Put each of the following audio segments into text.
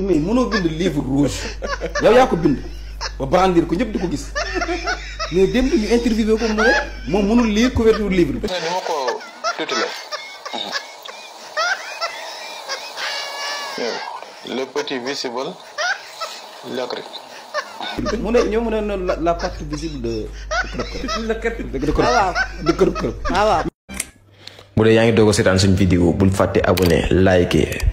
mais mënoo bind livre rouge yow yaa ko bind ba brandir ko ñëpp di ko gis mais démb ñu interviewé ko mu ne moom mënul lire couverture livre bi. dama ko tuutale. Hmm. Hmm. le petit visible lacré. mu ne ñoo mën a la la partie visible de de kër kër. de kër de kër kër. Ah ah bu dee yaa ngi doog a seetaan suñu vidéo bul fàtte abonné liker.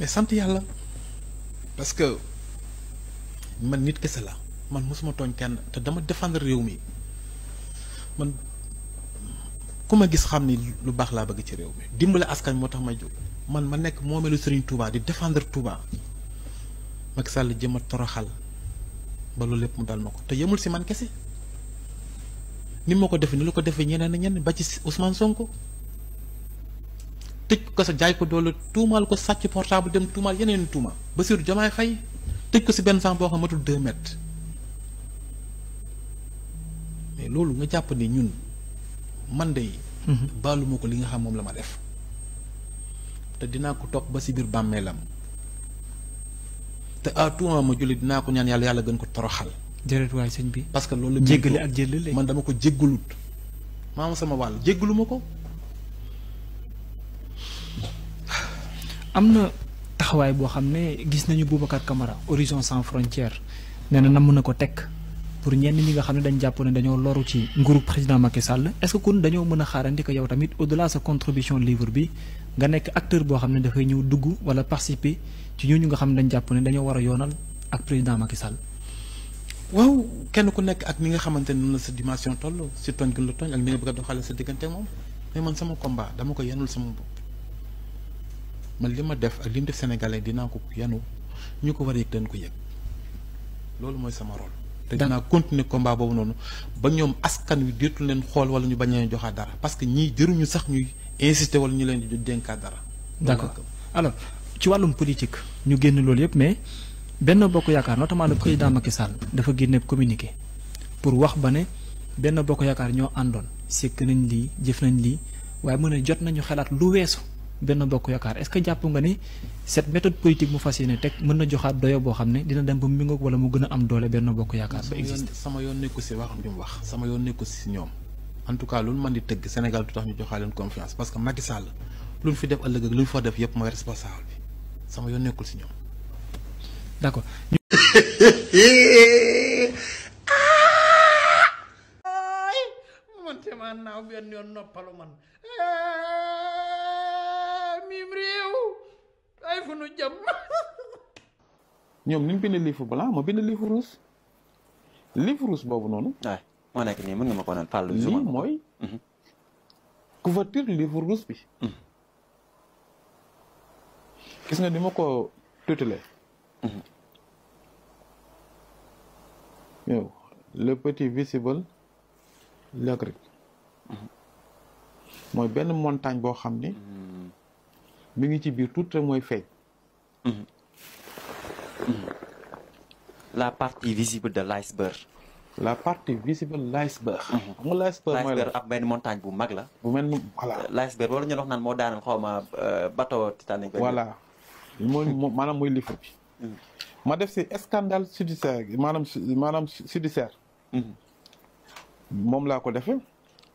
mais sante yalla parce que man nit kessa la man musuma togn kenn te dama défendre rew mi man kuma gis xamni ni lu bax la bëgg ci rew mi askan motax ma jox man ma nek momelu Serigne Touba di défendre Touba mak Sall jëma toroxal ba lu lepp mu dal mako te yëmul ci man kessé ni ni lu ko def ñeneen ñenn ba ci Ousmane Sonko. tëj ko sa jaay ko doole tuumaal ko sàcc portable dem tuumaal yeneen ba Bassirou Diomaye Faye tëj ko si benn sànq boo xam matul deux mètres mais loolu nga jàpp ni ñun man de. Mhm. baaluma ko li nga xam moom la ma def te dinaa ko topp ba si biir bàmmeelam te à tout ma julli dinaa ko ñaan yàlla yàlla gën ko toroxal. jërëjëf waay sëñ bi. parce que loolu. jéggale ak jéllale man dama ko maa maama sama wàll jéggalu ma ko. amna taxaway bo xamné gis nañu bu bakkar Camara horizon sans frontière nee na namm na ko pour ñen ñi nga xamné dañ jàpp ne dañoo loru ci nguuru président Macky Sall est-ce que kon dañoo mëna xaarandi ko yow tamit au-delà sa contribution livre bi nga nek acteur bo xamné da fay ñew dugg wala participer ci ñu nga xamné dañ jàpp ne dañoo wara yonal ak président Macky Sall. waaw kenn ku nek ak mi nga xamante ne la sa dimension tollu ci tooñ gën la tooñ ak mi nga bëgg do xalé sa digënté mom mais man sama combat dama ko yenul sama bop man li ma def ak li mu def sénégalais dinaa ko yanu ñu ko war a yëg dañ ko yëg loolu mooy sama rôle. te dana continuer combat boobu noonu ba ñoom askan wi dootul leen xool wala ñu bañ leen joxaat dara parce que ñii jëruñu sax ñuy insister wala ñu leen di dénkaat dara. d'accord ci wàllum politique ñu génn loolu yëpp mais benn bokk yaakaar notamment le président Macky Sall dafa génne communiqué pour wax ba ne benn bokk yaakaar ñoo àndoon sekk nañ lii jëf nañ lii waaye mu ne jot nañu xalaat lu weesu. benn bokk yaakaar est ce que jàpp nga ni cette méthode politique mu fas yéene teg mën na joxaat doyo boo xam ne dina dem ba mu wala mu gën a am doole benn bokk yaakaar ba existe sama yoon nekku si wax bi mu wax sama yoon nekku si ñoom en tout cas lu man di tëgg Sénégal du tax ñu joxaa leen confiance parce que Macky Sall lu fi def ëllëg ak lu fa def yëpp mooy responsable bi sama yoon nekkul si ñoom d' accord man te maa naaw benn yoon noppalu man eh. fu nu jëm ñoom ni mu bind livre blanc ma bind livre rouge livre rouge boobu noonu moo nekk nii mën nga ma ko naan parle lii mooy mhm. couverture livre rouge bi mhm. gis nga ni ma ko tutelee mhm. yow le petit visible l'agric mooy benn montagne boo xam ni mi ngi ci biir tout mooy feeñ Mhm. Mhm. La partie visible de l'iceberg. la partie visible l'iceberg. Mhm. l'iceberg montagne bu voilà euh, l'iceberg wala ñu wax euh, bateau Titanic. voilà ma def scandale judiciaire Madame, la ko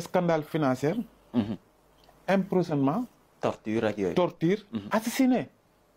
scandale financier. torture torture. assassiné.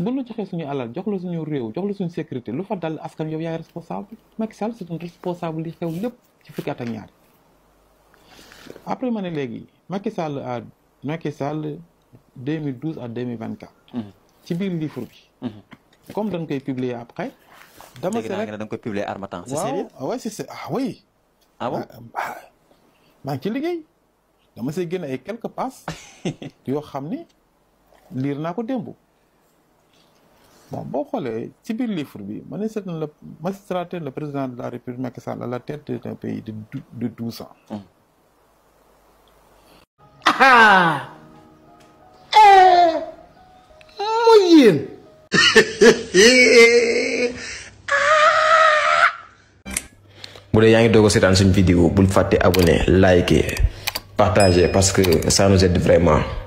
bu nu joxee suñu alal jox suñu réew jox la suñu sécurité lu fa dal askan yow yaay responsable Macky Sall c'est un responsable li xew lépp ci fukki at ak ñaar après ma ne léegi Macky Sall à Macky Sall 2012 à 2024. Mhm. ci biir livre bi. Mhm. comme dañ koy publier après. dama si rek dañ koy publier Harmattan. c'est ci liggéey dama see génne ay quelques passes yoo xam ne liir naa ko démb. bon bon, c'est bien le livre Je suis le magistrat, le président de la république Macky Sall à la tête d'un pays de de 12 ans. ah. Eh! mooy yéen. bu dee yaa ngi doog a seetaan suñu vidéo liker partager parce que ça nous aide vraiment.